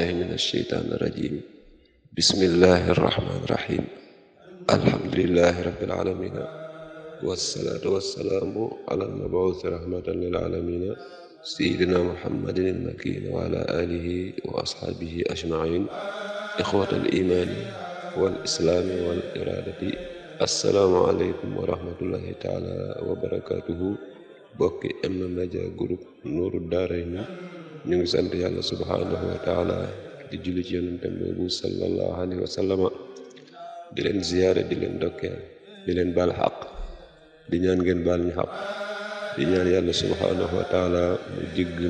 billahi min alsheytaan irajim bismillahi irrahmani irahim alhamdulilahi rabbil alamina wassalaatu wassalaamu ala almabuusi rahmatan lil alamina sayidina muhammadin almakin wa ala alihi wa ashaabihi ajmain ixwat alimaani wal islaami wal iraadati assalaamu aleykum wa rahmatullahi taala wa barakatuhu bokki M Media Group Nourou Darayni ñu ngi sant yàlla subhaanahu wa taala di julli ci yonentem boobu sallallahu alayhi wa di leen ziyaare di leen dokkeel di leen baal xaq di ñaan ngeen baal ñu xaq di ñaan yàlla subhaanahu wa taala mu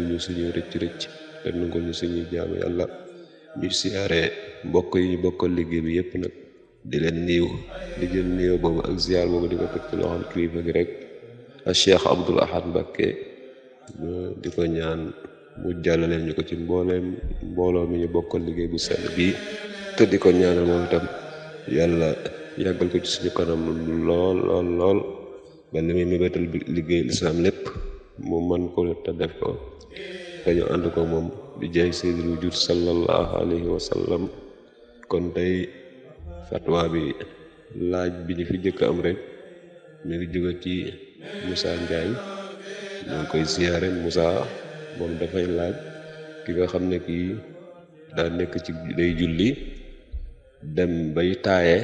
ñu suñu rëcc-rëcc te nangul ñu suñuy jaamu yàlla ñu ziyaare mbokk yi ñu bokkal liggéey bi yépp nag di leen niiw di jël niiw boobu ak ziyaar boobu di ko teg ci loxol kilifa gi rek a Cheikh Abdoul Ahad Mbacké di ko ñaan mu jàllaleel ñu ko ci mbooleem mbooloo mi ñu bokkal liggéey bu sell bii te di ko ñaanal moom itam yàlla yàggal ko ci suñu kanam lool lool lool ba li muy mébétal liggéey lislaam lépp mu man ko te def ko dañu ànd ko moom di jaay sayyidul wujud sallallahu alayhi wa sallam kon tey fatwa bi laaj bi ñu fi jëkk am rek mi ngi jóge ci Moussa Ndiaye ñoo ngi koy ziyaare Moussa moom dafay laaj ki nga xam ne kii daa nekk ci day julli dem bay taaye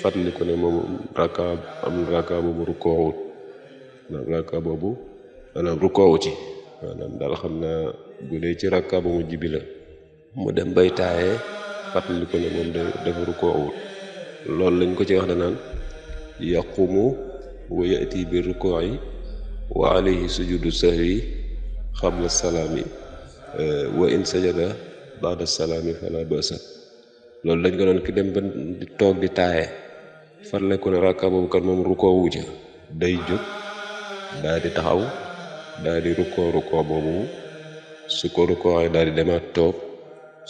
fàttali ko ne moom raka am raka boobu rukkoowu ci maanaam daal xam naa bu ci raka bu la mu dem bay taaye fàttali ko ne moom day dafa rukkoowut loolu lañ ko ci wax ne naan yaqumu wa yati bi rukkoo yi wa sujudu sahwi xabla salaami euh, wa in sajada baada salaami fala loolu dañ ko doon ki dem ba toog di taaye farleku ne rakka boobu kat moom rukkoo wu day jóg daal di taxaw daal di rukkoo rukkoo boobu su ko rukkoo ay daal di demaat toog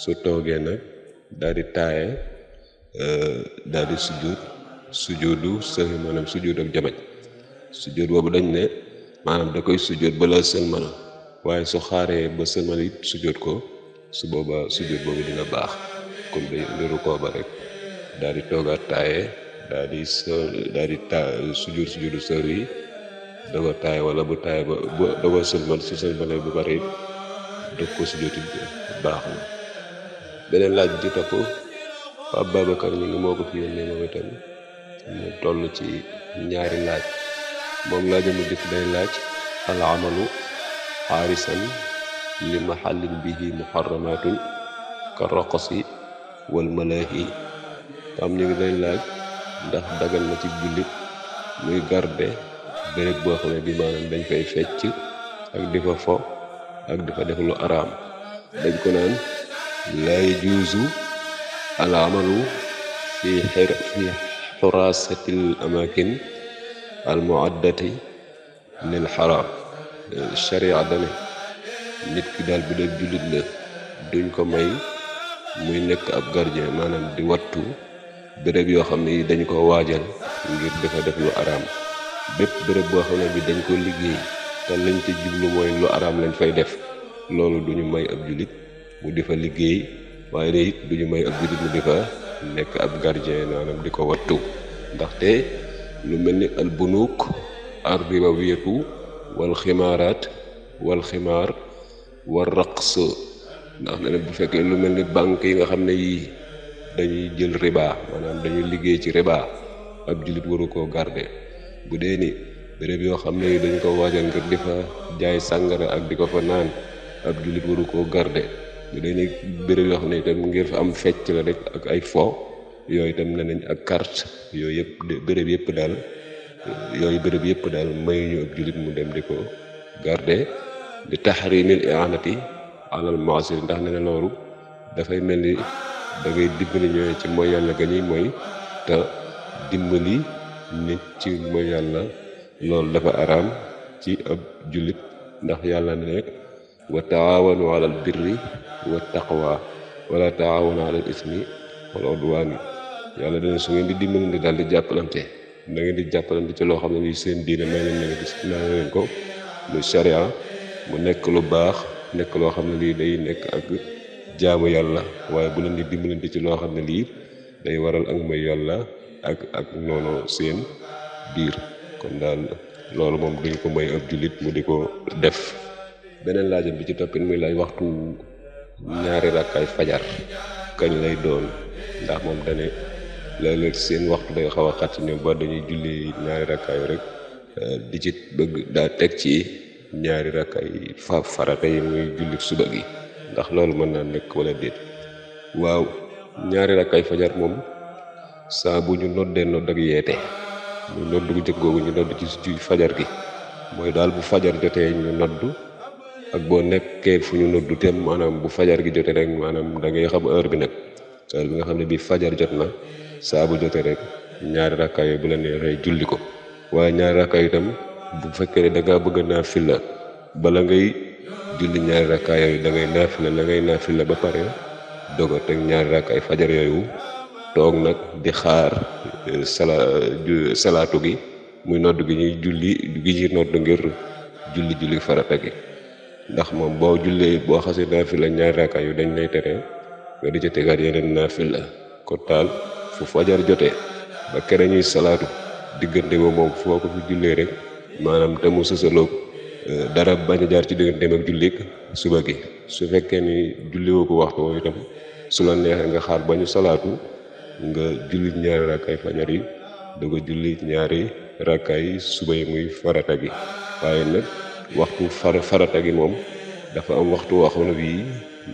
su toogee nag daal di taaye euh, daal di sujjóot sujjóotu sëfi maanaam sujjóot ak jamañ boobu dañ ne maanaam da koy sujjóot balaa sëlmal waaye su xaaree ba sëlmal it su ko su booba su jot boobu dina baax kon day indi rukkoo ba rek daal di toogaat taaye daal di so daal di ta su jot yi wala bu taay ba bu dogo sëlmal bu bari it baax na beneen laaj bi ci topp Pape Babacar moo ko fi yónnee moom itam mu toll ci ñaari laaj moom laajam mu jëkk day laaj al amalu xaarisan li mahallin bihi muharramatun ka roqosi wal malaahi tam ñu ngi lay laaj ndax dagal na ci jullit muy garde béréb boo xam ne bi maanaam dañ fay fecc ak di fa fo ak di fa def lu araam dañ ko naan laa yajuuzu al amalu fi xir amaakin al muaddati lil xaraam sharia dane nit ki daal bu dee jullit la duñ ko may muy nekk ab gardien maanaam di wattu béréb yoo xam ne dañ ko waajal ngir dafa def lu araam bépp béréb boo xam ne bi dañ ko liggéey te lañ ca jublu mooy lu araam lañ fay def loolu duñu may ab jullit mu di liggéey waaye de it duñu may ab jullit mu di nekk ab gardien naanam di ko wattu ndaxte lu mel ni albunuuk ak riba wéetu wal ximaaraat wal ximaar war raqs ndax ne bu fekkee lu mel ni banque yi nga xam ne yii dañuy jël riba maanaam dañuy liggéey ci riba ab jullit waru ko garde bu dee ni béréb yoo xam ne yi dañ ko waajal ngir di jaay sàngara ak di ko fa naan ab jullit waru koo garde bu yoo xam ne itam ngir fa am fecc la rek ak ay fo yooyu itam ne nañ ak kart yooyu yëpp béréb yëpp daal yooyu bërëb yëpp daal mayuñu ab jullit mu dem di ko garder di taxrimil i'anati alal mu'sir ndax ne na loolu dafay mel ni da ngay dimbali ñooy ci mooy yàlla ga ñuy te dimbali nit ci mooy yàlla loolu dafa araam ci ab jullit ndax yàlla ne wa taawanu alal birri wa taqwa wala taawanu alal ismi wal udwaan yàlla dana su ngeen di dimbalante daal di jàppalante da ngeen di jàppalante ci loo xam ne nii seen diine may leen may leen ko muy sharia mu nekk lu baax nekk loo xam ne lii day nekk ak jaamu yàlla waaye bu leen di dimbalante ci loo xam ne lii day waral ak may yàlla ak ak noonu seen biir kon daal loolu moom duñ ko may ab jullit mu di ko def beneen laajam bi ci toppin muy laaj waxtu ñaari rakkaay fajar kañ lay doon ndax moom dane léeg-léeg seen waxtu day xaw a xat ñoom ba dañuy julli ñaari rakkaayu rek euh, di ci bëgg daa teg ci ñaari rakkaay fa farata yi muy julli suba gi ndax loolu mën naa nekk wala déet waaw ñaari rakkaay fajar moom saa bu ñu noddee nodd ak yeete muy nodd gu njëkk googu ñu nodd ci ci fajar gi mooy daal bu fajar jotee ñu nodd ak boo nekkee fu ñu noddu tem maanaam bu fajar gi jotee rek maanaam da ngay xam heure bi nag heure bi nga xam ne bii fajar jot na saa bu jotee rek ñaari rakka yooyu bu la neexee julli ko waaye ñaari rakka itam bu fekkee ne da ngaa bëgg a naafila bala ngay julli ñaari rakka yooyu da ngay naafila da ngay ba pare doog teg ñaari rakka ay fajar yooyu toog nag di xaar eh, sala gi muy nodd gi ñuy julli gi ñuy nodd ngir julli julli farata gi ndax moom boo jullee boo xasee naafila ñaari rakka yu dañ lay tere nga di ca tegaat yeneen naafila kon daal fu fajar jotee ba kere ñuy salaatu diggante ba moom foo ko fi jullee rek maanaam te mu sësaloo euh, dara bañ a jaar ci digganteem ak jullit suba gi su fekkee ni julliwoo ko waxtu woo itam su la neexee nga xaar ba ñu salaatu nga julli ñaari rakkaay fajar yi doo ñaari rakkaay suba yi muy farata gi waaye nag waxtu far farata gi dafa am waxtu waxoon bii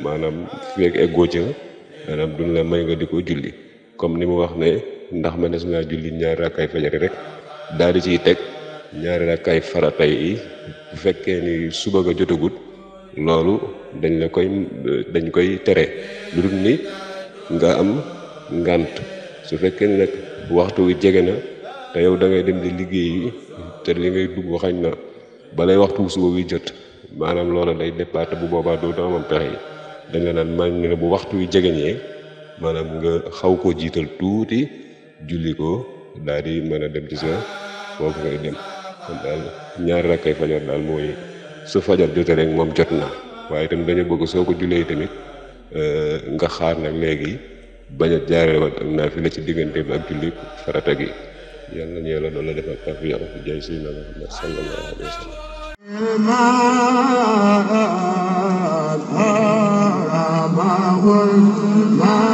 maanaam fekk eggoo ca maanaam duñ la may nga di ko julli comme ni mu wax ne ndax ma nes naa julli ñaari rakkaay fajari rek daal di ciy teg ñaari rakkaay faratay yi bu fekkee ni suba ga jotagut loolu dañ la koy koy tere lu dul ni nga am ngànt su fekkee ni nag waxtu wi jege na yow da ngay dem di liggéeyi te li ngay dugg na balay waxtu suba wi jot maanaam loola day départé bu boobaa doo dama am pexe yi dañ la naan man ne bu waxtu wi jegeñee maanaam nga xaw ko jiital tuuti julli ko daal di a dem ci ñaar foofu ngay dem kon fajar daal mooy su fajar jotee rek moom jot na waaye tamit dañu bëgg soo ko jullee tamit nga xaar nag léegi bañ a jaaree wat ak naa la ci diggante bi ak julli farata gi yàlla ñu yàlla doon la defal tawfiq ci jaay si na Muhammad sallallahu alayhi wa sallam ما